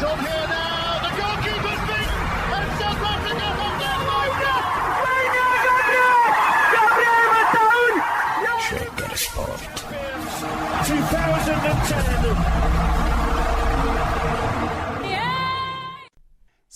He's up here.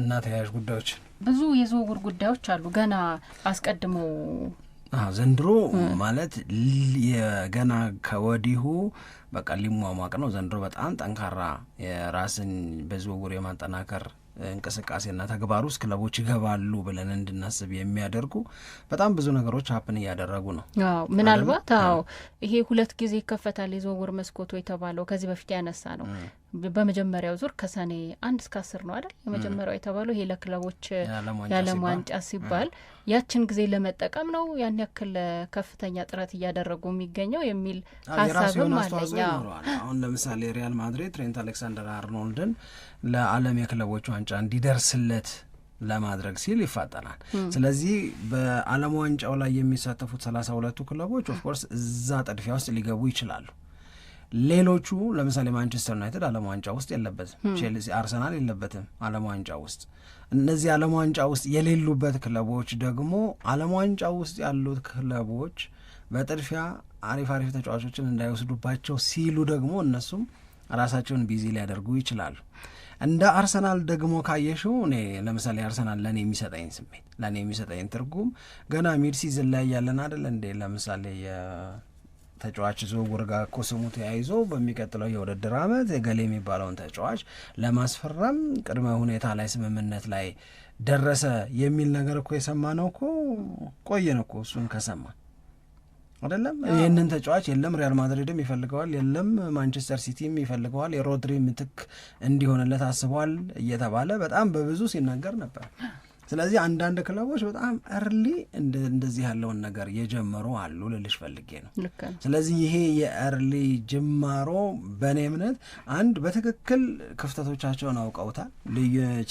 እና ተያያዥ ጉዳዮች ብዙ የዝውውር ጉዳዮች አሉ። ገና አስቀድሞ ዘንድሮ ማለት ገና ከወዲሁ በቃ ሊሟሟቅ ነው። ዘንድሮ በጣም ጠንካራ የራስን በዝውውር የማጠናከር እንቅስቃሴና ተግባር ውስጥ ክለቦች ይገባሉ ብለን እንድናስብ የሚያደርጉ በጣም ብዙ ነገሮች ሀፕን እያደረጉ ነው። አዎ ምናልባት አዎ ይሄ ሁለት ጊዜ ይከፈታል የዝውውር መስኮቱ የተባለው ከዚህ በፊት ያነሳ ነው በመጀመሪያው ዙር ከሰኔ አንድ እስከ አስር ነው አይደል? የመጀመሪያው የተባለው ይሄ ለክለቦች የዓለም ዋንጫ ሲባል ያችን ጊዜ ለመጠቀም ነው ያን ያክል ከፍተኛ ጥረት እያደረጉ የሚገኘው የሚል ሀሳብም አለኝ። አሁን ለምሳሌ ሪያል ማድሪድ ትሬንት አሌክሳንደር አርኖልድን ለዓለም የክለቦች ዋንጫ እንዲደርስለት ለማድረግ ሲል ይፋጠናል። ስለዚህ በዓለም ዋንጫው ላይ የሚሳተፉት ሰላሳ ሁለቱ ክለቦች ኦፍኮርስ እዛ ጥድፊያ ውስጥ ሊገቡ ይችላሉ። ሌሎቹ ለምሳሌ ማንቸስተር ዩናይትድ ዓለም ዋንጫ ውስጥ የለበትም። hmm. ቼልሲ፣ አርሰናል የለበትም ዓለም ዋንጫ ውስጥ። እነዚህ ዓለም ዋንጫ ውስጥ የሌሉበት ክለቦች ደግሞ ዓለም ዋንጫ ውስጥ ያሉት ክለቦች በጥድፊያ አሪፍ አሪፍ ተጫዋቾችን እንዳይወስዱባቸው ሲሉ ደግሞ እነሱም ራሳቸውን ቢዚ ሊያደርጉ ይችላሉ። እንደ አርሰናል ደግሞ ካየሽው እኔ ለምሳሌ አርሰናል ለእኔ የሚሰጠኝ ስሜት ለእኔ የሚሰጠኝ ትርጉም ገና ሚድ ሲዝን ላይ ያለን አደለ እንዴ ለምሳሌ ተጫዋች ዝውውር ጋር እኮ ስሙ ተያይዞ በሚቀጥለው የውድድር ዓመት የገሌ የሚባለውን ተጫዋች ለማስፈረም ቅድመ ሁኔታ ላይ ስምምነት ላይ ደረሰ የሚል ነገር እኮ ነው እኮ ቆየን እኮ እሱን ከሰማ አይደለም ይህንን ተጫዋች የለም ሪያል ማድሪድም ይፈልገዋል፣ የለም ማንቸስተር ሲቲም ይፈልገዋል፣ የሮድሪ ምትክ እንዲሆንለት አስቧል እየተባለ በጣም በብዙ ሲናገር ነበር። ስለዚህ አንዳንድ ክለቦች በጣም እርሊ እንደዚህ ያለውን ነገር የጀመሩ አሉ ልልሽ ፈልጌ ነው። ስለዚህ ይሄ የእርሊ ጅማሮ በእኔ እምነት አንድ በትክክል ክፍተቶቻቸውን አውቀውታል፣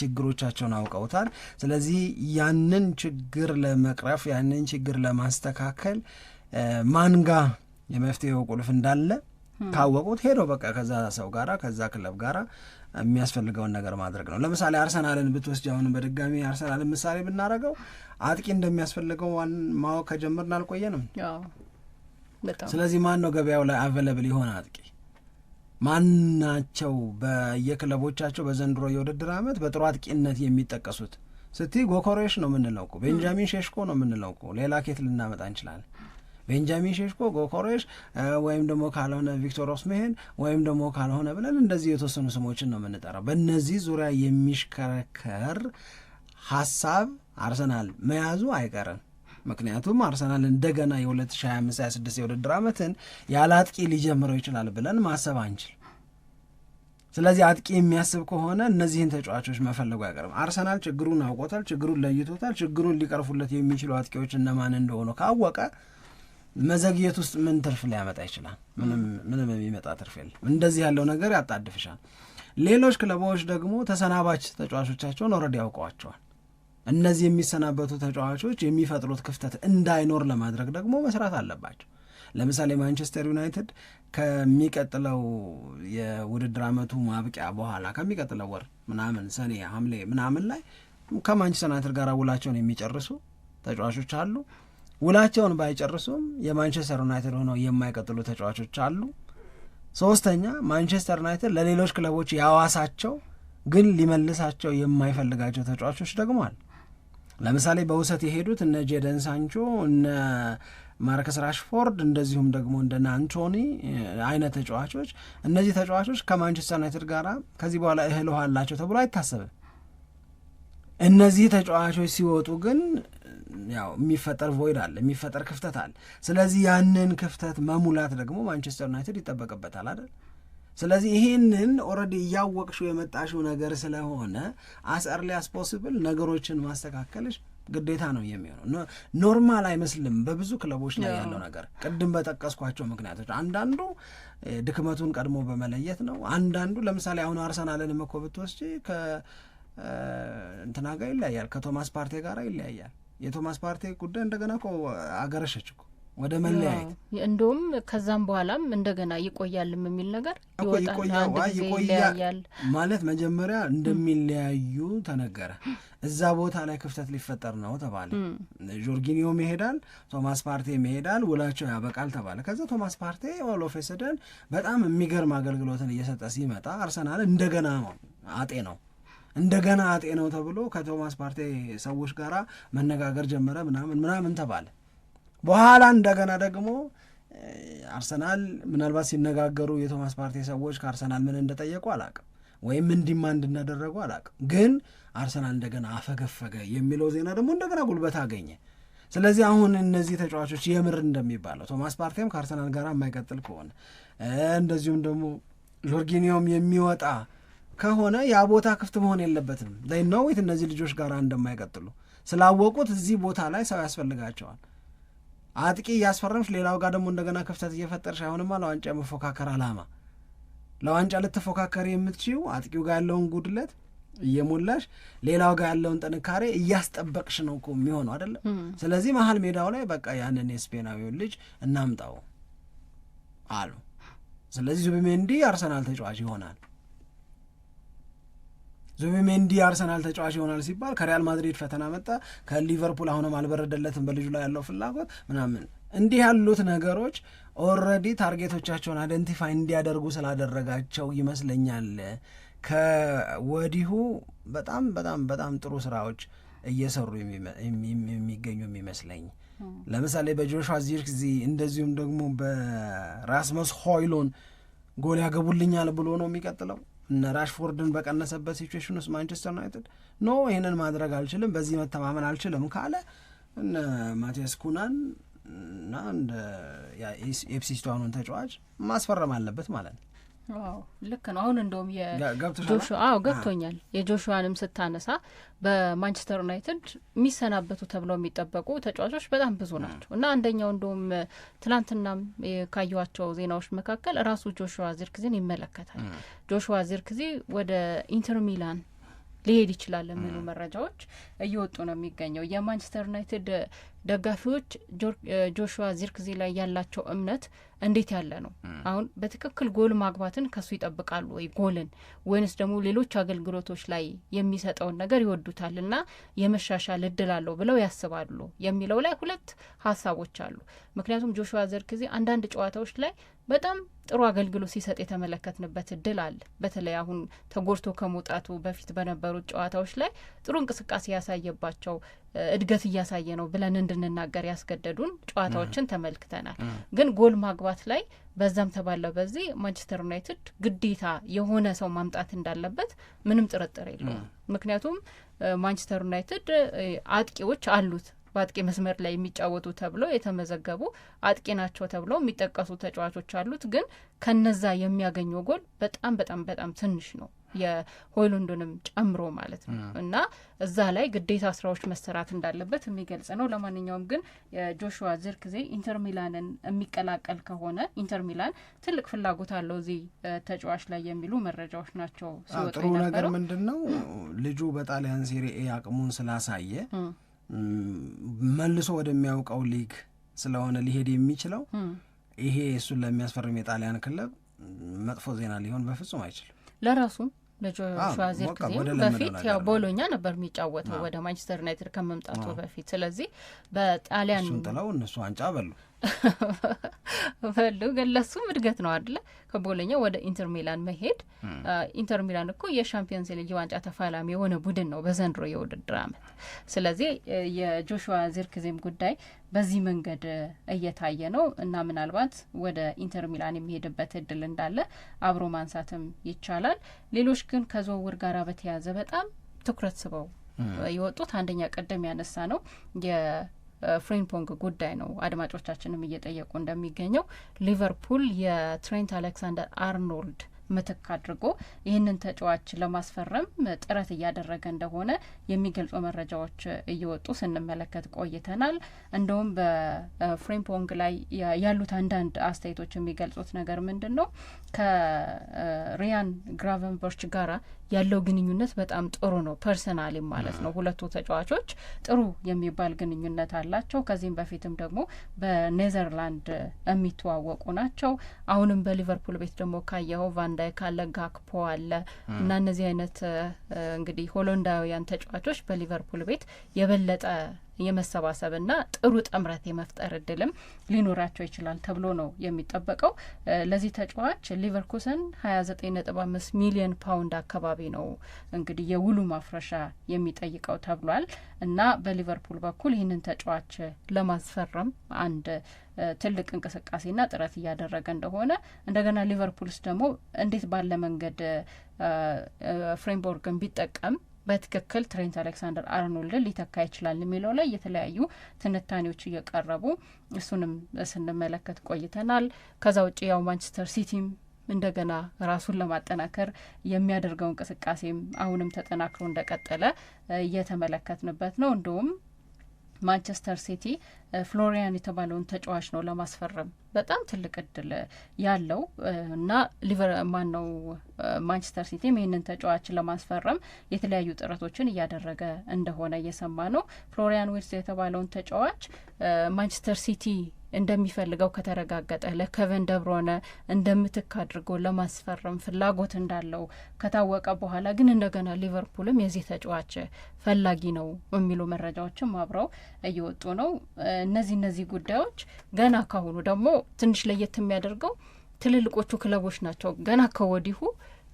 ችግሮቻቸውን አውቀውታል። ስለዚህ ያንን ችግር ለመቅረፍ ያንን ችግር ለማስተካከል ማንጋ የመፍትሄው ቁልፍ እንዳለ ካወቁት ሄዶ በቃ ከዛ ሰው ጋራ ከዛ ክለብ ጋራ የሚያስፈልገውን ነገር ማድረግ ነው። ለምሳሌ አርሰናልን ብትወስጅ አሁንም በድጋሚ አርሰናልን ምሳሌ ብናደርገው አጥቂ እንደሚያስፈልገው ማወቅ ከጀመርን አልቆየንም። ስለዚህ ማን ነው ገበያው ላይ አቬለብል የሆነ አጥቂ ማናቸው? በየክለቦቻቸው በዘንድሮ የውድድር ዓመት በጥሩ አጥቂነት የሚጠቀሱት ስቲ ጎኮሬሽ ነው የምንለው እኮ ቤንጃሚን ሼሽኮ ነው የምንለው እኮ ሌላ ኬት ልናመጣ እንችላለን። ቤንጃሚን ሼሽኮ፣ ጎኮሬሽ ወይም ደግሞ ካልሆነ ቪክቶር ኦስሜሄን ወይም ደግሞ ካልሆነ ብለን እንደዚህ የተወሰኑ ስሞችን ነው የምንጠራው። በእነዚህ ዙሪያ የሚሽከረከር ሀሳብ አርሰናል መያዙ አይቀርም። ምክንያቱም አርሰናል እንደገና የ2025/26 የውድድር ዓመትን ያለ አጥቂ ሊጀምረው ይችላል ብለን ማሰብ አንችል። ስለዚህ አጥቂ የሚያስብ ከሆነ እነዚህን ተጫዋቾች መፈለጉ አይቀርም። አርሰናል ችግሩን አውቆታል፣ ችግሩን ለይቶታል። ችግሩን ሊቀርፉለት የሚችሉ አጥቂዎች እነማን እንደሆኑ ካወቀ መዘግየት ውስጥ ምን ትርፍ ሊያመጣ ይችላል? ምንም የሚመጣ ትርፍ የለም። እንደዚህ ያለው ነገር ያጣድፍሻል። ሌሎች ክለቦች ደግሞ ተሰናባች ተጫዋቾቻቸውን ኦልሬዲ ያውቀዋቸዋል። እነዚህ የሚሰናበቱ ተጫዋቾች የሚፈጥሩት ክፍተት እንዳይኖር ለማድረግ ደግሞ መስራት አለባቸው። ለምሳሌ ማንቸስተር ዩናይትድ ከሚቀጥለው የውድድር ዓመቱ ማብቂያ በኋላ ከሚቀጥለው ወር ምናምን ሰኔ፣ ሐምሌ ምናምን ላይ ከማንቸስተር ዩናይትድ ጋር ውላቸውን የሚጨርሱ ተጫዋቾች አሉ። ውላቸውን ባይጨርሱም የማንቸስተር ዩናይትድ ሆነው የማይቀጥሉ ተጫዋቾች አሉ። ሶስተኛ ማንቸስተር ዩናይትድ ለሌሎች ክለቦች ያዋሳቸው ግን ሊመልሳቸው የማይፈልጋቸው ተጫዋቾች ደግሞ አሉ። ለምሳሌ በውሰት የሄዱት እነ ጄደን ሳንቾ፣ እነ ማርከስ ራሽፎርድ እንደዚሁም ደግሞ እንደ ናንቶኒ አይነት ተጫዋቾች እነዚህ ተጫዋቾች ከማንቸስተር ዩናይትድ ጋር ከዚህ በኋላ እህል ውሃ አላቸው ተብሎ አይታሰብም። እነዚህ ተጫዋቾች ሲወጡ ግን ያው የሚፈጠር ቮይድ አለ፣ የሚፈጠር ክፍተት አለ። ስለዚህ ያንን ክፍተት መሙላት ደግሞ ማንቸስተር ዩናይትድ ይጠበቅበታል አይደል? ስለዚህ ይህንን ኦልሬዲ እያወቅሽው የመጣሽው ነገር ስለሆነ አስ ኤርሊ አስ ፖስብል ነገሮችን ማስተካከልሽ ግዴታ ነው የሚሆነው። ኖርማል አይመስልም በብዙ ክለቦች ላይ ያለው ነገር። ቅድም በጠቀስኳቸው ምክንያቶች አንዳንዱ ድክመቱን ቀድሞ በመለየት ነው። አንዳንዱ ለምሳሌ አሁን አርሰናልን መኮ ብትወስጂ ከእንትና ጋር ይለያያል፣ ከቶማስ ፓርቴ ጋር ይለያያል። የቶማስ ፓርቴ ጉዳይ እንደገና እኮ አገረሸች እኮ ወደ መለያየት እንደውም ከዛም በኋላም እንደገና ይቆያልም የሚል ነገር ይቆያል ማለት መጀመሪያ እንደሚለያዩ ተነገረ። እዛ ቦታ ላይ ክፍተት ሊፈጠር ነው ተባለ። ጆርጊኒዮም ይሄዳል፣ ቶማስ ፓርቴም ይሄዳል፣ ውላቸው ያበቃል ተባለ። ከዛ ቶማስ ፓርቴ ኦል ኦፍ ኤ ሰደን በጣም የሚገርም አገልግሎትን እየሰጠ ሲመጣ አርሰናል እንደገና አጤ ነው እንደገና አጤነው ተብሎ ከቶማስ ፓርቴ ሰዎች ጋር መነጋገር ጀመረ ምናምን ምናምን ተባለ። በኋላ እንደገና ደግሞ አርሰናል ምናልባት ሲነጋገሩ የቶማስ ፓርቴ ሰዎች ከአርሰናል ምን እንደጠየቁ አላቅም ወይም እንዲማ እንድናደረጉ አላቅም። ግን አርሰናል እንደገና አፈገፈገ የሚለው ዜና ደግሞ እንደገና ጉልበት አገኘ። ስለዚህ አሁን እነዚህ ተጫዋቾች የምር እንደሚባለው ቶማስ ፓርቴም ከአርሰናል ጋር የማይቀጥል ከሆነ እንደዚሁም ደግሞ ጆርጊኒዮም የሚወጣ ከሆነ ያ ቦታ ክፍት መሆን የለበትም። ኖዊት እነዚህ ልጆች ጋር እንደማይቀጥሉ ስላወቁት እዚህ ቦታ ላይ ሰው ያስፈልጋቸዋል። አጥቂ እያስፈረምሽ ሌላው ጋር ደግሞ እንደገና ክፍተት እየፈጠርሽ አይሆንማ። ለዋንጫ የመፎካከር አላማ ለዋንጫ ልትፎካከር የምትችው አጥቂው ጋር ያለውን ጉድለት እየሞላሽ ሌላው ጋር ያለውን ጥንካሬ እያስጠበቅሽ ነው እኮ የሚሆነው አይደለም። ስለዚህ መሀል ሜዳው ላይ በቃ ያንን የስፔናዊውን ልጅ እናምጣው አሉ። ስለዚህ ዙቢሜንዲ አርሰናል ተጫዋች ይሆናል። ዙቢሜንዲ አርሰናል ተጫዋች ይሆናል ሲባል ከሪያል ማድሪድ ፈተና መጣ፣ ከሊቨርፑል አሁንም አልበረደለትም በልጁ ላይ ያለው ፍላጎት ምናምን። እንዲህ ያሉት ነገሮች ኦልሬዲ ታርጌቶቻቸውን አይደንቲፋይ እንዲያደርጉ ስላደረጋቸው ይመስለኛል ከወዲሁ በጣም በጣም በጣም ጥሩ ስራዎች እየሰሩ የሚገኙ የሚመስለኝ ለምሳሌ በጆሹዋ ዚርክዚ እንደዚሁም ደግሞ በራስመስ ሆይሎን ጎል ያገቡልኛል ብሎ ነው የሚቀጥለው። እነ ራሽፎርድን በቀነሰበት ሲቹዌሽን ውስጥ ማንቸስተር ዩናይትድ ኖ ይህንን ማድረግ አልችልም፣ በዚህ መተማመን አልችልም ካለ እነ ማቴስ ኩናን እና እንደ ኤፕሲስቷኑን ተጫዋች ማስፈረም አለበት ማለት ነው። ልክ ነው። አሁን እንደውም የጆሹዋ ገብቶኛል። የጆሹዋንም ስታነሳ በማንቸስተር ዩናይትድ የሚሰናበቱ ተብለው የሚጠበቁ ተጫዋቾች በጣም ብዙ ናቸው እና አንደኛው እንደውም ትናንትናም ካየኋቸው ዜናዎች መካከል ራሱ ጆሹዋ ዚርክዜን ይመለከታል። ጆሹዋ ዚርክዜ ወደ ኢንተር ሚላን ሊሄድ ይችላል የሚሉ መረጃዎች እየወጡ ነው የሚገኘው። የማንቸስተር ዩናይትድ ደጋፊዎች ጆሹዋ ዚርክዜ ላይ ያላቸው እምነት እንዴት ያለ ነው? አሁን በትክክል ጎል ማግባትን ከሱ ይጠብቃሉ ወይ ጎልን፣ ወይንስ ደግሞ ሌሎች አገልግሎቶች ላይ የሚሰጠውን ነገር ይወዱታል እና የመሻሻል እድል አለው ብለው ያስባሉ የሚለው ላይ ሁለት ሀሳቦች አሉ። ምክንያቱም ጆሹዋ ዚርክዜ አንዳንድ ጨዋታዎች ላይ በጣም ጥሩ አገልግሎት ሲሰጥ የተመለከትንበት እድል አለ። በተለይ አሁን ተጎድቶ ከመውጣቱ በፊት በነበሩት ጨዋታዎች ላይ ጥሩ እንቅስቃሴ ያሳየባቸው እድገት እያሳየ ነው ብለን እንድንናገር ያስገደዱን ጨዋታዎችን ተመልክተናል። ግን ጎል ማግባት ላይ በዛም ተባለው በዚህ ማንቸስተር ዩናይትድ ግዴታ የሆነ ሰው ማምጣት እንዳለበት ምንም ጥርጥር የለውም። ምክንያቱም ማንቸስተር ዩናይትድ አጥቂዎች አሉት በአጥቂ መስመር ላይ የሚጫወቱ ተብለው የተመዘገቡ አጥቂ ናቸው ተብለው የሚጠቀሱ ተጫዋቾች አሉት። ግን ከነዛ የሚያገኘው ጎል በጣም በጣም በጣም ትንሽ ነው፣ የሆይሉንዱንም ጨምሮ ማለት ነው። እና እዛ ላይ ግዴታ ስራዎች መሰራት እንዳለበት የሚገልጽ ነው። ለማንኛውም ግን የጆሹዋ ዚርክዜ ኢንተር ሚላንን የሚቀላቀል ከሆነ ኢንተር ሚላን ትልቅ ፍላጎት አለው እዚህ ተጫዋች ላይ የሚሉ መረጃዎች ናቸው ሲወጡ። ጥሩ ነገር ምንድን ነው ልጁ በጣሊያን ሴሪኤ አቅሙን ስላሳየ መልሶ ወደሚያውቀው ሊግ ስለሆነ ሊሄድ የሚችለው ይሄ እሱን ለሚያስፈርም የጣሊያን ክለብ መጥፎ ዜና ሊሆን በፍጹም አይችልም። ለራሱም ለጆሹዋ ዚርክዜ በፊት ያው ቦሎኛ ነበር የሚጫወተው ወደ ማንቸስተር ዩናይትድ ከመምጣቱ በፊት። ስለዚህ በጣሊያን ጥለው እነሱ ዋንጫ በሉ። በሉ ግን ለሱም እድገት ነው አይደለ? ከቦሎኛ ወደ ኢንተር ሚላን መሄድ። ኢንተር ሚላን እኮ የሻምፒዮንስ ሊግ ዋንጫ ተፋላሚ የሆነ ቡድን ነው በዘንድሮ የውድድር አመት። ስለዚህ የጆሹዋ ዚርክዜም ጉዳይ በዚህ መንገድ እየታየ ነው እና ምናልባት ወደ ኢንተር ሚላን የሚሄድበት እድል እንዳለ አብሮ ማንሳትም ይቻላል። ሌሎች ግን ከዝውውር ጋር በተያያዘ በጣም ትኩረት ስበው የወጡት አንደኛ ቀደም ያነሳ ነው ፍሬምፖንግ ጉዳይ ነው አድማጮቻችንም እየጠየቁ እንደሚገኘው ሊቨርፑል የትሬንት አሌክሳንደር አርኖልድ ምትክ አድርጎ ይህንን ተጫዋች ለማስፈረም ጥረት እያደረገ እንደሆነ የሚገልጹ መረጃዎች እየወጡ ስንመለከት ቆይተናል። እንደውም በፍሬምፖንግ ላይ ያሉት አንዳንድ አስተያየቶች የሚገልጹት ነገር ምንድን ነው? ከሪያን ግራቨንበርች ጋራ ያለው ግንኙነት በጣም ጥሩ ነው። ፐርሰናሊ ማለት ነው። ሁለቱ ተጫዋቾች ጥሩ የሚባል ግንኙነት አላቸው። ከዚህም በፊትም ደግሞ በኔዘርላንድ የሚተዋወቁ ናቸው። አሁንም በሊቨርፑል ቤት ደግሞ ካየኸው ቫንዳይክ አለ፣ ጋክፖ አለ እና እነዚህ አይነት እንግዲህ ሆሎንዳውያን ተጫዋቾች በሊቨርፑል ቤት የበለጠ የመሰባሰብና ጥሩ ጥምረት የመፍጠር እድልም ሊኖራቸው ይችላል ተብሎ ነው የሚጠበቀው። ለዚህ ተጫዋች ሊቨርኩሰን ሀያ ዘጠኝ ነጥብ አምስት ሚሊዮን ፓውንድ አካባቢ ነው እንግዲህ የውሉ ማፍረሻ የሚጠይቀው ተብሏል እና በሊቨርፑል በኩል ይህንን ተጫዋች ለማስፈረም አንድ ትልቅ እንቅስቃሴና ጥረት እያደረገ እንደሆነ እንደገና ሊቨርፑልስ ደግሞ እንዴት ባለ መንገድ ፍሬምቦርግን ቢጠቀም በትክክል ትሬንት አሌክሳንደር አርኖልድ ሊተካ ይችላል የሚለው ላይ የተለያዩ ትንታኔዎች እየቀረቡ እሱንም ስንመለከት ቆይተናል። ከዛ ውጭ ያው ማንቸስተር ሲቲም እንደገና ራሱን ለማጠናከር የሚያደርገው እንቅስቃሴም አሁንም ተጠናክሮ እንደቀጠለ እየተመለከትንበት ነው። እንዲሁም ማንቸስተር ሲቲ ፍሎሪያን የተባለውን ተጫዋች ነው ለማስፈረም በጣም ትልቅ እድል ያለው እና ሊቨር ማን ነው ማንቸስተር ሲቲም ይህንን ተጫዋች ለማስፈረም የተለያዩ ጥረቶችን እያደረገ እንደሆነ እየሰማ ነው። ፍሎሪያን ዊርትዝ የተባለውን ተጫዋች ማንቸስተር ሲቲ እንደሚፈልገው ከተረጋገጠ ለኬቨን ደብሮነ እንደምትክ አድርጎ ለማስፈረም ፍላጎት እንዳለው ከታወቀ በኋላ ግን እንደገና ሊቨርፑልም የዚህ ተጫዋች ፈላጊ ነው የሚሉ መረጃዎችም አብረው እየወጡ ነው። እነዚህ እነዚህ ጉዳዮች ገና ካሁኑ ደግሞ ትንሽ ለየት የሚያደርገው ትልልቆቹ ክለቦች ናቸው ገና ከወዲሁ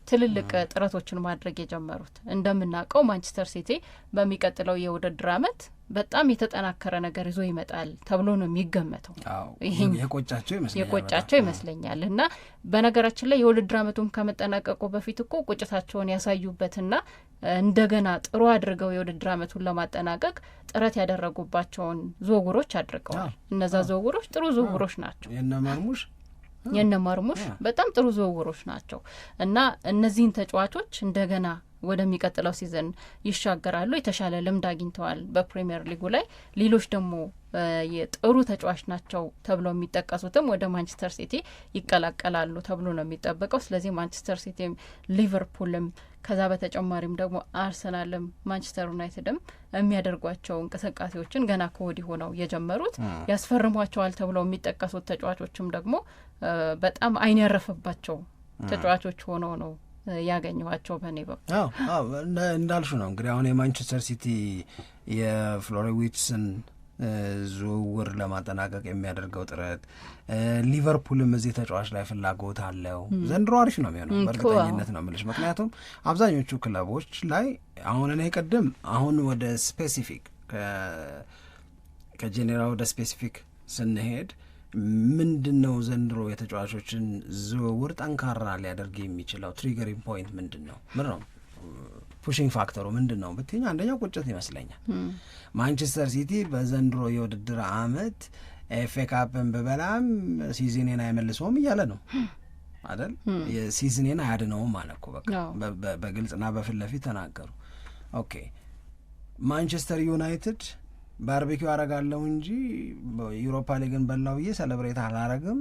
ትልልቅ ጥረቶችን ማድረግ የጀመሩት። እንደምናውቀው ማንቸስተር ሲቲ በሚቀጥለው የውድድር አመት። በጣም የተጠናከረ ነገር ይዞ ይመጣል ተብሎ ነው የሚገመተው። የቆጫቸው ይመስለኛል እና በነገራችን ላይ የውድድር አመቱን ከመጠናቀቁ በፊት እኮ ቁጭታቸውን ያሳዩበትና እንደገና ጥሩ አድርገው የውድድር ዓመቱን ለማጠናቀቅ ጥረት ያደረጉባቸውን ዝውውሮች አድርገዋል። እነዛ ዝውውሮች ጥሩ ዝውውሮች ናቸው። የነ በጣም ጥሩ ዝውውሮች ናቸው እና እነዚህን ተጫዋቾች እንደገና ወደሚቀጥለው ሲዝን ይሻገራሉ። የተሻለ ልምድ አግኝተዋል በፕሪምየር ሊጉ ላይ። ሌሎች ደግሞ ጥሩ ተጫዋች ናቸው ተብሎ የሚጠቀሱትም ወደ ማንቸስተር ሲቲ ይቀላቀላሉ ተብሎ ነው የሚጠበቀው። ስለዚህ ማንቸስተር ሲቲም፣ ሊቨርፑልም ከዛ በተጨማሪም ደግሞ አርሰናልም ማንቸስተር ዩናይትድም የሚያደርጓቸው እንቅስቃሴዎችን ገና ከወዲሁ ነው የጀመሩት። ያስፈርሟቸዋል ተብለው የሚጠቀሱት ተጫዋቾችም ደግሞ በጣም አይን ያረፈባቸው ተጫዋቾች ሆነው ነው ያገኘኋቸው በእኔ በኩል። እንዳልሹ ነው እንግዲህ አሁን የማንቸስተር ሲቲ የፍሎሪዊትስን ዝውውር ለማጠናቀቅ የሚያደርገው ጥረት ሊቨርፑልም እዚህ ተጫዋች ላይ ፍላጎት አለው። ዘንድሮ አሪፍ ነው የሚሆነው በእርግጠኝነት ነው የምልሽ። ምክንያቱም አብዛኞቹ ክለቦች ላይ አሁን እኔ ቅድም አሁን ወደ ስፔሲፊክ ከጄኔራል ወደ ስፔሲፊክ ስንሄድ ምንድን ነው ዘንድሮ የተጫዋቾችን ዝውውር ጠንካራ ሊያደርግ የሚችለው ትሪገሪንግ ፖይንት ምንድን ነው? ምን ነው ፑሽንግ ፋክተሩ ምንድን ነው ብትኛ፣ አንደኛው ቁጭት ይመስለኛል። ማንቸስተር ሲቲ በዘንድሮ የውድድር አመት ኤፍ ኤ ካፕን ብበላም ሲዝኔን አይመልሰውም እያለ ነው አይደል? የሲዝኔን አያድነውም ማለት እኮ በቃ በግልጽና በፊት ለፊት ተናገሩ። ኦኬ ማንቸስተር ዩናይትድ ባርቤኪው አረጋለሁ እንጂ ዩሮፓ ሊግን በላው ብዬ ሰለብሬት አላረግም።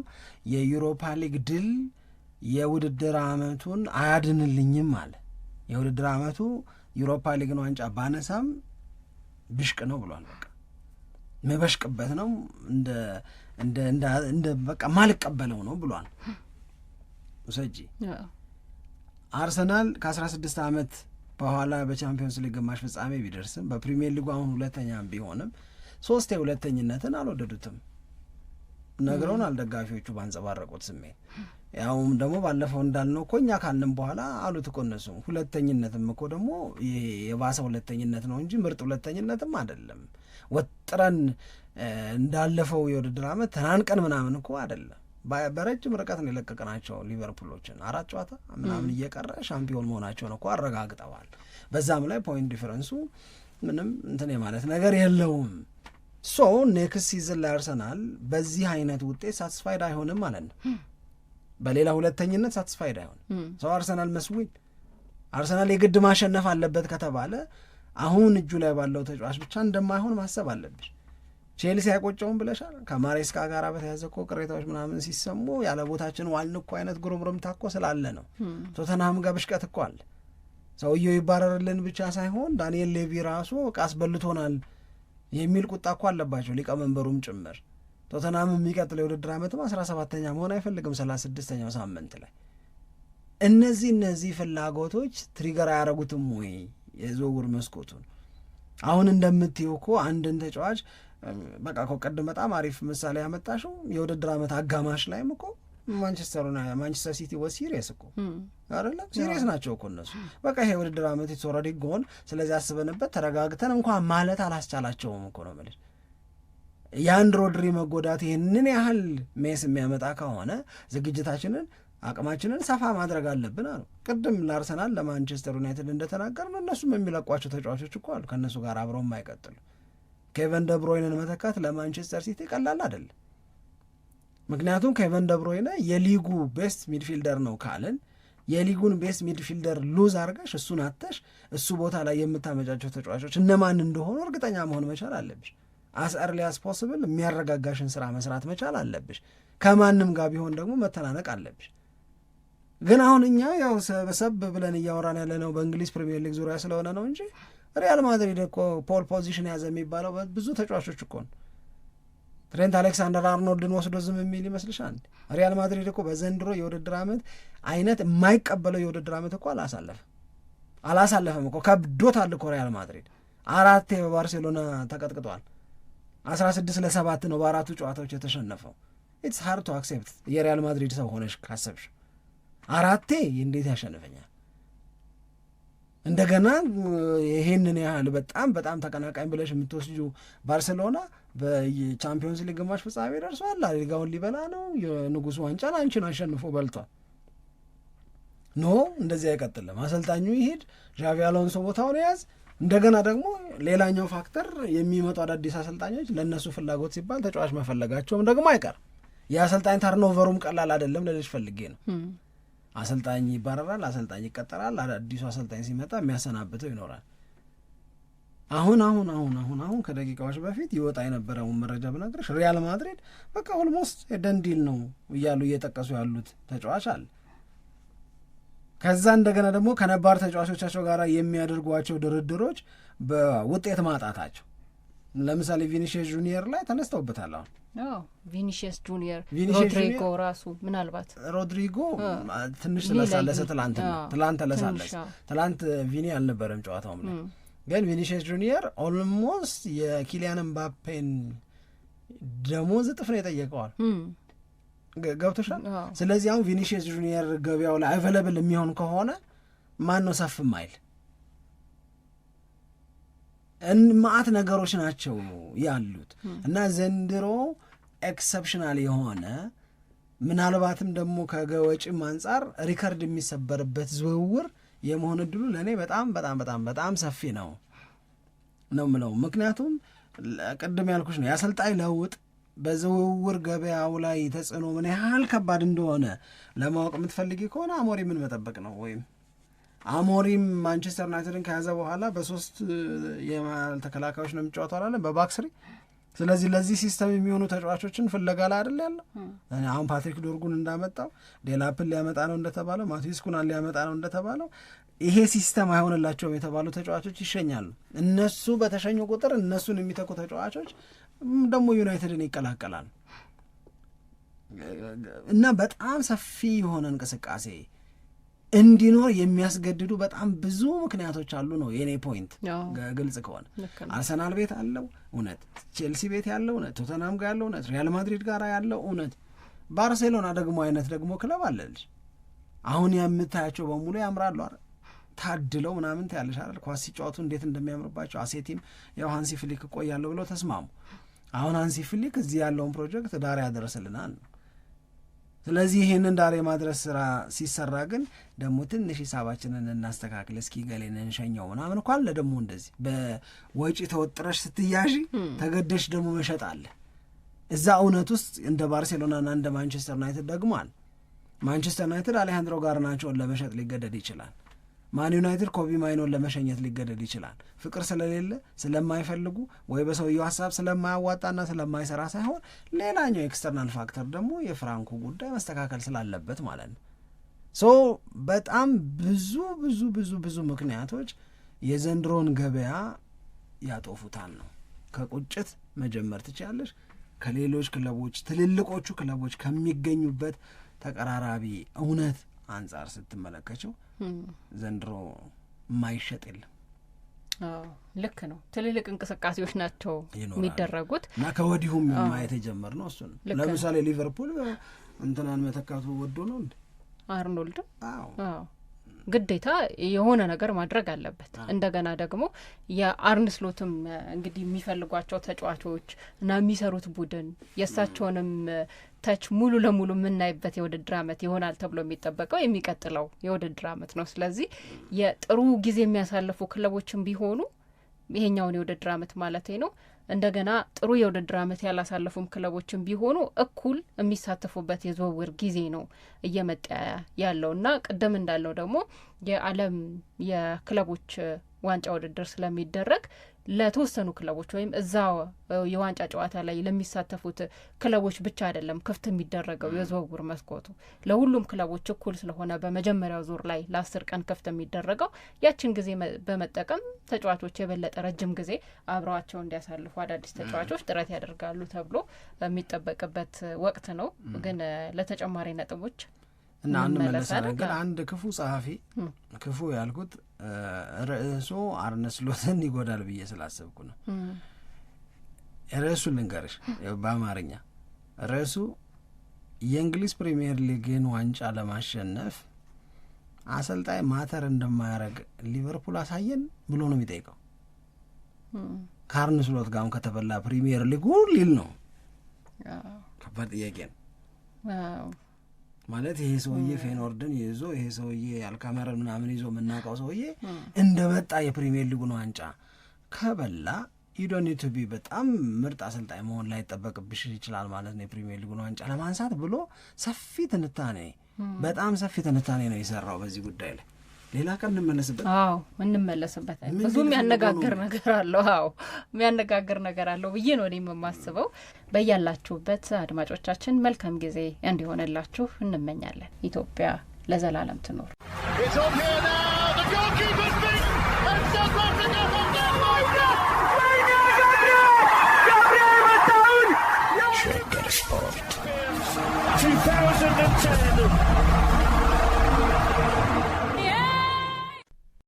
የዩሮፓ ሊግ ድል የውድድር አመቱን አያድንልኝም አለ። የውድድር አመቱ ዩሮፓ ሊግን ዋንጫ ባነሳም ብሽቅ ነው ብሏል። በቃ መበሽቅበት ነው እንደ በቃ ማልቀበለው ነው ብሏል። ሰጂ አርሰናል ከአስራ ስድስት አመት በኋላ በቻምፒዮንስ ሊግ ግማሽ ፍጻሜ ቢደርስም በፕሪሚየር ሊጉ አሁን ሁለተኛም ቢሆንም ሶስት የሁለተኝነትን አልወደዱትም። ነግረውን አልደጋፊዎቹ ባንጸባረቁት ስሜት ያውም ደግሞ ባለፈው እንዳልነው እኮ እኛ ካልንም በኋላ አሉት እኮ እነሱ ሁለተኝነትም እኮ ደግሞ የባሰ ሁለተኝነት ነው እንጂ ምርጥ ሁለተኝነትም አይደለም። ወጥረን እንዳለፈው የውድድር ዓመት ተናንቀን ምናምን እኮ አይደለም። በረጅም ርቀት ነው የለቀቅናቸው ሊቨርፑሎችን አራት ጨዋታ ምናምን እየቀረ ሻምፒዮን መሆናቸውን እኮ አረጋግጠዋል። በዛም ላይ ፖይንት ዲፈረንሱ ምንም እንትን የማለት ነገር የለውም። ሶ ኔክስት ሲዝን ላይ አርሰናል በዚህ አይነት ውጤት ሳትስፋይድ አይሆንም ማለት ነው። በሌላ ሁለተኝነት ሳትስፋይድ አይሆንም። ሰው አርሰናል መስዊን አርሰናል የግድ ማሸነፍ አለበት ከተባለ አሁን እጁ ላይ ባለው ተጫዋች ብቻ እንደማይሆን ማሰብ አለብሽ። ቼልሲ አይቆጨውም ብለሻል። ከማሬስካ ጋር በተያዘ እኮ ቅሬታዎች ምናምን ሲሰሙ ያለ ቦታችን ዋልን እኮ አይነት ጉርምርምታ እኮ ስላለ ነው። ቶተናም ጋር ብሽቀት እኮ አለ። ሰውየው ይባረርልን ብቻ ሳይሆን ዳንኤል ሌቪ ራሱ እቃ አስበልቶናል የሚል ቁጣ እኮ አለባቸው ሊቀመንበሩም ጭምር። ቶተናም የሚቀጥለው የውድድር ዓመትም አስራ ሰባተኛ መሆን አይፈልግም ሰላሳ ስድስተኛው ሳምንት ላይ እነዚህ እነዚህ ፍላጎቶች ትሪገር አያረጉትም ወይ የዝውውር መስኮቱን አሁን እንደምትይው እኮ አንድን ተጫዋች በቃ እኮ ቅድም በጣም አሪፍ ምሳሌ ያመጣሽው የውድድር ዓመት አጋማሽ ላይም እኮ ማንቸስተር ማንቸስተር ሲቲ ወ ሲሪየስ እኮ አይደለም ሲሪየስ ናቸው እኮ እነሱ። በቃ ይሄ የውድድር ዓመት የተወረድ ጎን ስለዚህ አስበንበት ተረጋግተን እንኳን ማለት አላስቻላቸውም እኮ ነው የምልሽ። የአንድ ሮድሪ መጎዳት ይህንን ያህል ሜስ የሚያመጣ ከሆነ ዝግጅታችንን አቅማችንን ሰፋ ማድረግ አለብን አሉ። ቅድም ለአርሰናል ለማንቸስተር ዩናይትድ እንደተናገርን እነሱም የሚለቋቸው ተጫዋቾች እኮ አሉ ከእነሱ ጋር አብረው የማይቀጥሉ ኬቨን ደብሮይንን መተካት ለማንቸስተር ሲቲ ቀላል አይደለም። ምክንያቱም ኬቨን ደብሮይነ የሊጉ ቤስት ሚድፊልደር ነው ካልን የሊጉን ቤስት ሚድፊልደር ሉዝ አርገሽ እሱን አተሽ እሱ ቦታ ላይ የምታመጫቸው ተጫዋቾች እነማን እንደሆኑ እርግጠኛ መሆን መቻል አለብሽ። አስ ኤርሊ አስ ፖስብል የሚያረጋጋሽን ስራ መስራት መቻል አለብሽ። ከማንም ጋር ቢሆን ደግሞ መተናነቅ አለብሽ። ግን አሁን እኛ ያው ሰብሰብ ብለን እያወራን ያለነው በእንግሊዝ ፕሪሚየር ሊግ ዙሪያ ስለሆነ ነው እንጂ ሪያል ማድሪድ እኮ ፖል ፖዚሽን ያዘ የሚባለው ብዙ ተጫዋቾች እኮ ነው። ትሬንት አሌክሳንደር አርኖልድን ወስዶ ዝም የሚል ይመስልሻል? ሪያል ማድሪድ እኮ በዘንድሮ የውድድር ዓመት አይነት የማይቀበለው የውድድር ዓመት እኮ አላሳለፈም አላሳለፈም እኮ ከብዶታል እኮ ሪያል ማድሪድ አራት በባርሴሎና ተቀጥቅጧል። አስራ ስድስት ለሰባት ነው በአራቱ ጨዋታዎች የተሸነፈው። ኢትስ ሀርድ ቱ አክሴፕት የሪያል ማድሪድ ሰው ሆነሽ ካሰብሽ አራቴ እንዴት ያሸንፈኛል እንደገና ይሄንን ያህል በጣም በጣም ተቀናቃኝ ብለሽ የምትወስጁ ባርሴሎና በቻምፒዮንስ ሊግ ግማሽ ፍጻሜ ደርሷል። ላሊጋውን ሊበላ ነው። የንጉሱ ዋንጫን አንቺን አሸንፎ በልቷል። ኖ እንደዚህ አይቀጥልም። አሰልጣኙ ይሄድ፣ ዣቪ አሎንሶ ቦታውን የያዝ። እንደገና ደግሞ ሌላኛው ፋክተር የሚመጡ አዳዲስ አሰልጣኞች ለእነሱ ፍላጎት ሲባል ተጫዋች መፈለጋቸውም ደግሞ አይቀር። የአሰልጣኝ ታርኖቨሩም ቀላል አይደለም ለልጅ ፈልጌ ነው። አሰልጣኝ ይባረራል፣ አሰልጣኝ ይቀጠራል፣ አዲሱ አሰልጣኝ ሲመጣ የሚያሰናብተው ይኖራል። አሁን አሁን አሁን አሁን አሁን ከደቂቃዎች በፊት ይወጣ የነበረውን መረጃ ብነግርሽ ሪያል ማድሪድ በቃ ኦልሞስት ደንዲል ነው እያሉ እየጠቀሱ ያሉት ተጫዋች አለ። ከዛ እንደገና ደግሞ ከነባር ተጫዋቾቻቸው ጋር የሚያደርጓቸው ድርድሮች በውጤት ማጣታቸው ለምሳሌ ቪኒሽስ ጁኒየር ላይ ተነስተውበታል። አሁን ቪኒሽስ ጁኒየር ሮድሪጎ ራሱ ምናልባት ሮድሪጎ ትንሽ ተለሳለሰ። ትላንት ትላንት ተለሳለሰ። ትላንት ቪኒ አልነበረም ጨዋታውም ላይ ግን ቪኒሽስ ጁኒየር ኦልሞስት የኪሊያን ምባፔን ደሞዝ እጥፍ ነው የጠየቀዋል። ገብቶሻል። ስለዚህ አሁን ቪኒሽስ ጁኒየር ገበያው ላይ አቬለብል የሚሆን ከሆነ ማን ነው ሰፍ ማይል እንማአት ነገሮች ናቸው ያሉት እና ዘንድሮ ኤክሰፕሽናል የሆነ ምናልባትም ደግሞ ከወጪም አንጻር ሪከርድ የሚሰበርበት ዝውውር የመሆን እድሉ ለእኔ በጣም በጣም በጣም በጣም ሰፊ ነው ነው ምለው። ምክንያቱም ቅድም ያልኩች ነው የአሰልጣኝ ለውጥ በዝውውር ገበያው ላይ ተጽዕኖ ምን ያህል ከባድ እንደሆነ ለማወቅ የምትፈልጊ ከሆነ አሞሪ ምን መጠበቅ ነው ወይም አሞሪም ማንቸስተር ዩናይትድን ከያዘ በኋላ በሶስት የመሃል ተከላካዮች ነው የሚጫወተው አላለን በባክስሪ ስለዚህ ለዚህ ሲስተም የሚሆኑ ተጫዋቾችን ፍለጋ ላይ አይደል ያለው። አሁን ፓትሪክ ዶርጉን እንዳመጣው ዴላፕን ሊያመጣ ነው እንደተባለው፣ ማቲስ ኩናን ሊያመጣ ነው እንደተባለው ይሄ ሲስተም አይሆንላቸውም የተባሉ ተጫዋቾች ይሸኛሉ። እነሱ በተሸኙ ቁጥር እነሱን የሚተኩ ተጫዋቾች ደግሞ ዩናይትድን ይቀላቀላሉ እና በጣም ሰፊ የሆነ እንቅስቃሴ እንዲኖር የሚያስገድዱ በጣም ብዙ ምክንያቶች አሉ ነው የኔ ፖይንት። ግልጽ ከሆነ አርሰናል ቤት አለው እውነት፣ ቼልሲ ቤት ያለው እውነት፣ ቶተናም ጋር ያለው እውነት፣ ሪያል ማድሪድ ጋር ያለው እውነት፣ ባርሴሎና ደግሞ አይነት ደግሞ ክለብ አለልሽ። አሁን የምታያቸው በሙሉ ያምራሉ አይደል? ታድለው ምናምን ታያለሽ አይደል? ኳስ ሲጫወቱ እንዴት እንደሚያምርባቸው። አሴቲም ያው ሀንሲ ፍሊክ እቆያለሁ ብለው ተስማሙ። አሁን ሃንሲ ፍሊክ እዚህ ያለውን ፕሮጀክት ዳር ያደረስልናል ነው ስለዚህ ይህንን ዳር የማድረስ ስራ ሲሰራ ግን ደግሞ ትንሽ ሂሳባችንን እናስተካክል፣ እስኪ ገሌን እንሸኘው ምናምን እኮ ደግሞ እንደዚህ በወጪ ተወጥረሽ ስትያዥ ተገደሽ ደግሞ መሸጥ አለ። እዛ እውነት ውስጥ እንደ ባርሴሎናና እንደ ማንቸስተር ዩናይትድ ደግሞ አለ። ማንቸስተር ዩናይትድ አሌሃንድሮ ናቸውን ለመሸጥ ሊገደድ ይችላል። ማን ዩናይትድ ኮቢ ማይኖን ለመሸኘት ሊገደድ ይችላል። ፍቅር ስለሌለ ስለማይፈልጉ፣ ወይ በሰውየው ሀሳብ ስለማያዋጣና ስለማይሰራ ሳይሆን ሌላኛው ኤክስተርናል ፋክተር ደግሞ የፍራንኩ ጉዳይ መስተካከል ስላለበት ማለት ነው። ሶ በጣም ብዙ ብዙ ብዙ ብዙ ምክንያቶች የዘንድሮን ገበያ ያጦፉታል ነው። ከቁጭት መጀመር ትችያለሽ። ከሌሎች ክለቦች ትልልቆቹ ክለቦች ከሚገኙበት ተቀራራቢ እውነት አንጻር ስትመለከችው ዘንድሮ ማይሸጥ የለም። ልክ ነው። ትልልቅ እንቅስቃሴዎች ናቸው የሚደረጉት እና ከወዲሁም ማየት የጀመር ነው። እሱን ለምሳሌ ሊቨርፑል እንትናን መተካቱ ወዶ ነው እንዴ አርኖልድ ግዴታ የሆነ ነገር ማድረግ አለበት። እንደገና ደግሞ የአርንስሎትም እንግዲህ የሚፈልጓቸው ተጫዋቾች እና የሚሰሩት ቡድን የእሳቸውንም ተች ሙሉ ለሙሉ የምናይበት የውድድር አመት ይሆናል ተብሎ የሚጠበቀው የሚቀጥለው የውድድር አመት ነው። ስለዚህ የጥሩ ጊዜ የሚያሳልፉ ክለቦችም ቢሆኑ ይሄኛውን የውድድር ዓመት ማለት ነው እንደገና ጥሩ የውድድር ዓመት ያላሳለፉም ክለቦችም ቢሆኑ እኩል የሚሳተፉበት የዝውውር ጊዜ ነው እየመጣ ያለው እና ቅድም እንዳለው ደግሞ የዓለም የክለቦች ዋንጫ ውድድር ስለሚደረግ ለተወሰኑ ክለቦች ወይም እዛ የዋንጫ ጨዋታ ላይ ለሚሳተፉት ክለቦች ብቻ አይደለም ክፍት የሚደረገው የዝውውር መስኮቱ ለሁሉም ክለቦች እኩል ስለሆነ በመጀመሪያው ዙር ላይ ለአስር ቀን ክፍት የሚደረገው ያችን ጊዜ በመጠቀም ተጫዋቾች የበለጠ ረጅም ጊዜ አብረዋቸው እንዲያሳልፉ አዳዲስ ተጫዋቾች ጥረት ያደርጋሉ ተብሎ የሚጠበቅበት ወቅት ነው። ግን ለተጨማሪ ነጥቦች እና እንመለሳለን። ግን አንድ ክፉ ጸሐፊ ክፉ ያልኩት ርዕሱ አርነ ስሎትን ይጎዳል ብዬ ስላሰብኩ ነው። ርዕሱ ልንገርሽ በአማርኛ ርዕሱ የእንግሊዝ ፕሪምየር ሊግን ዋንጫ ለማሸነፍ አሰልጣኝ ማተር እንደማያደርግ ሊቨርፑል አሳየን ብሎ ነው የሚጠይቀው። ከአርነ ስሎት ጋር ከተበላ ፕሪምየር ሊጉ ሊል ነው። ከባድ ጥያቄ ነው። ማለት ይሄ ሰውዬ ፌኖርድን ይዞ ይሄ ሰውዬ አልካመረን ምናምን ይዞ የምናውቀው ሰውዬ እንደመጣ የፕሪሚየር ሊጉን ዋንጫ ከበላ ዩዶኒቱ ቢ በጣም ምርጥ አሰልጣኝ መሆን ላይ ይችላል ማለት ነው። የፕሪሚየር ሊጉን ዋንጫ ለማንሳት ብሎ ሰፊ ትንታኔ፣ በጣም ሰፊ ትንታኔ ነው የሰራው በዚህ ጉዳይ ላይ ሌላ ቀን እንመለስበት። አዎ እንመለስበት። ብዙ የሚያነጋግር ነገር አለው። አዎ የሚያነጋግር ነገር አለው ብዬ ነው እኔ የማስበው። በያላችሁበት አድማጮቻችን መልካም ጊዜ እንዲሆንላችሁ እንመኛለን። ኢትዮጵያ ለዘላለም ትኖር።